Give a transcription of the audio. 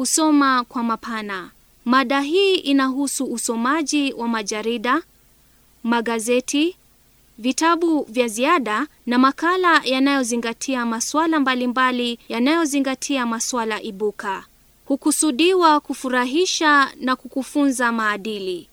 Kusoma kwa mapana. Mada hii inahusu usomaji wa majarida, magazeti, vitabu vya ziada na makala yanayozingatia masuala mbalimbali yanayozingatia masuala ibuka. Hukusudiwa kufurahisha na kukufunza maadili.